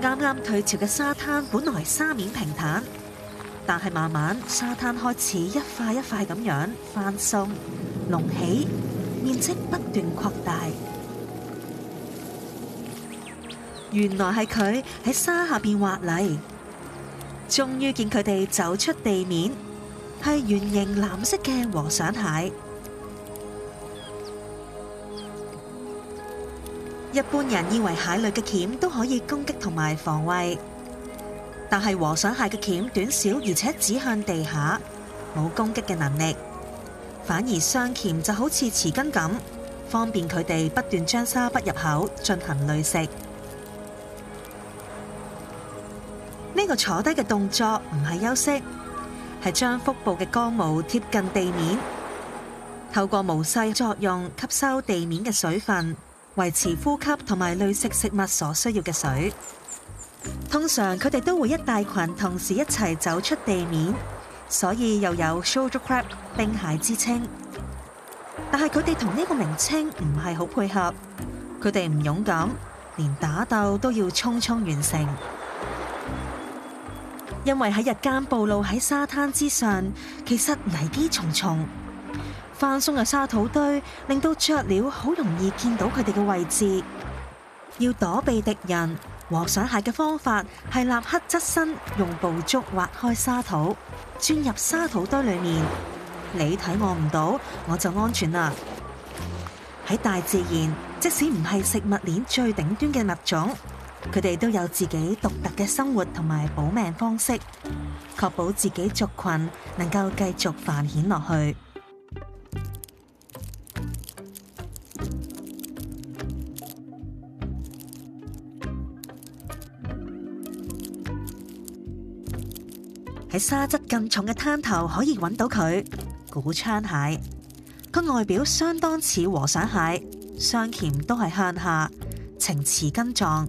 啱啱退潮嘅沙灘本來沙面平坦，但係慢慢沙灘開始一塊一塊咁樣翻鬆隆起，面積不斷擴大。原來係佢喺沙下邊挖泥，終於見佢哋走出地面，係圓形藍色嘅和尚蟹。一般人以為蟹類嘅鉗都可以攻擊同埋防衛，但係和尚蟹嘅鉗短小，而且指向地下，冇攻擊嘅能力。反而雙鉗就好似匙羹咁，方便佢哋不斷將沙撥入口進行濾食。呢個坐低嘅動作唔係休息，係將腹部嘅剛毛貼近地面，透過毛細作用吸收地面嘅水分。維持呼吸同埋濾食食物所需要嘅水，通常佢哋都會一大群同時一齊走出地面，所以又有 soldier crab、兵蟹之稱。但係佢哋同呢個名稱唔係好配合，佢哋唔勇敢，連打鬥都要匆匆完成，因為喺日間暴露喺沙灘之上，其實危機重重。放鬆嘅沙土堆令到雀鳥好容易見到佢哋嘅位置，要躲避敵人和上蟹嘅方法係立刻側身用步足挖開沙土，鑽入沙土堆裏面。你睇我唔到，我就安全啦。喺大自然，即使唔係食物鏈最頂端嘅物種，佢哋都有自己獨特嘅生活同埋保命方式，確保自己族群能夠繼續繁衍落去。喺沙質更重嘅灘頭，可以揾到佢，股窗蟹，佢外表相當似和尚蟹，雙鉗都係向下，呈匙羹狀，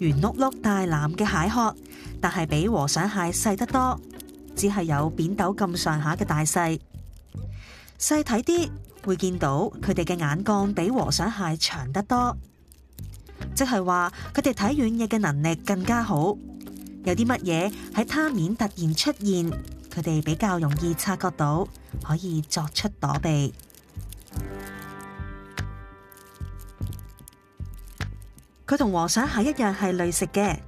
圓碌碌大藍嘅蟹殼，但係比和尚蟹細得多，只係有扁豆咁上下嘅大細。細睇啲會見到佢哋嘅眼槓比和尚蟹長得多，即係話佢哋睇遠嘢嘅能力更加好。有啲乜嘢喺灘面突然出現，佢哋比較容易察覺到，可以作出躲避。佢同和、和尚蟹一樣，係濾食嘅，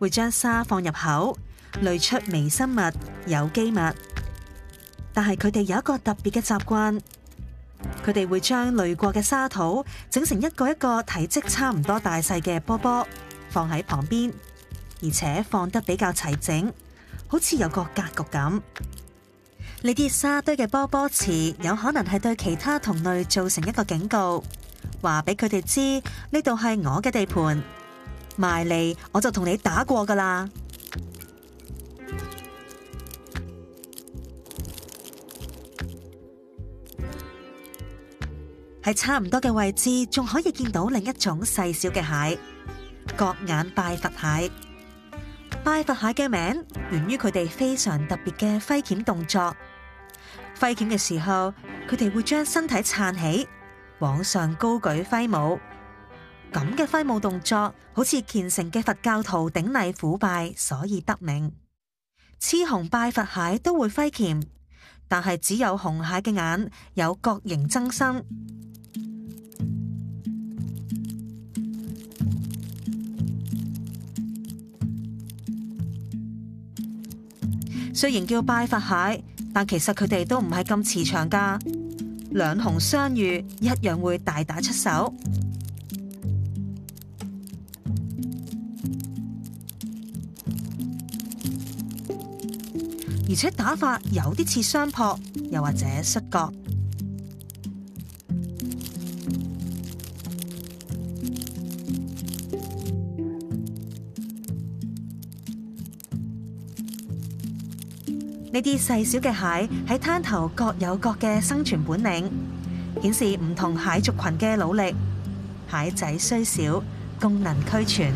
會將沙放入口，濾出微生物、有機物。但係佢哋有一個特別嘅習慣，佢哋會將濾過嘅沙土整成一個一個體積差唔多大細嘅波波，放喺旁邊。而且放得比較齊整，好似有個格局咁。呢啲沙堆嘅波波池，有可能係對其他同類造成一個警告，話俾佢哋知呢度係我嘅地盤，埋嚟我就同你打過㗎喇。喺差唔多嘅位置，仲可以見到另一種細小嘅蟹——角眼拜佛蟹。拜佛蟹嘅名源於佢哋非常特別嘅揮鉗動作。揮鉗嘅時候，佢哋會將身體撐起，往上高舉揮舞。咁嘅揮舞動作好似虔誠嘅佛教徒頂禮膜拜，所以得名。雌雄拜佛蟹都會揮鉗，但係只有雄蟹嘅眼有角形增生。雖然叫拜佛蟹，但其實佢哋都唔係咁慈祥噶，兩雄相遇一樣會大打出手，而且打法有啲似相撲，又或者摔角。呢啲細小嘅蟹喺灘頭各有各嘅生存本領，顯示唔同蟹族群嘅努力。蟹仔雖小，功能俱全。